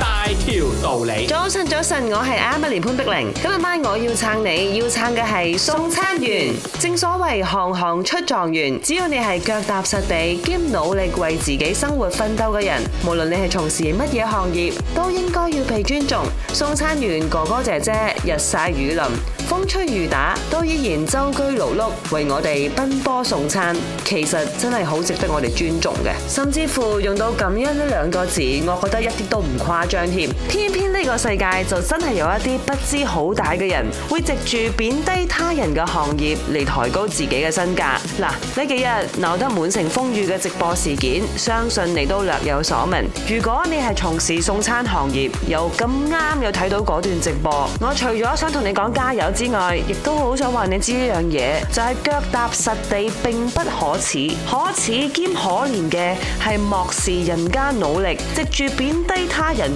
大條道理，早晨早晨，我係 Emily 潘碧玲。今日晚上我要撐你，要撐嘅係送餐員。正所謂行行出狀元，只要你係腳踏實地兼努力為自己生活奮鬥嘅人，無論你係從事乜嘢行業，都應該要被尊重。送餐員哥哥姐姐日曬雨淋、風吹雨打，都依然周居勞碌為我哋奔波送餐，其實真係好值得我哋尊重嘅。甚至乎用到感恩呢兩個字，我覺得一啲都唔誇。張貼，偏偏呢個世界就真係有一啲不知好歹嘅人，會藉住貶低他人嘅行業嚟抬高自己嘅身價。嗱，呢幾日鬧得滿城風雨嘅直播事件，相信你都略有所聞。如果你係從事送餐行業，又咁啱又睇到嗰段直播，我除咗想同你講加油之外，亦都好想話你知一樣嘢，就係腳踏實地並不可恥，可恥兼可憐嘅係漠視人家努力，藉住貶低他人。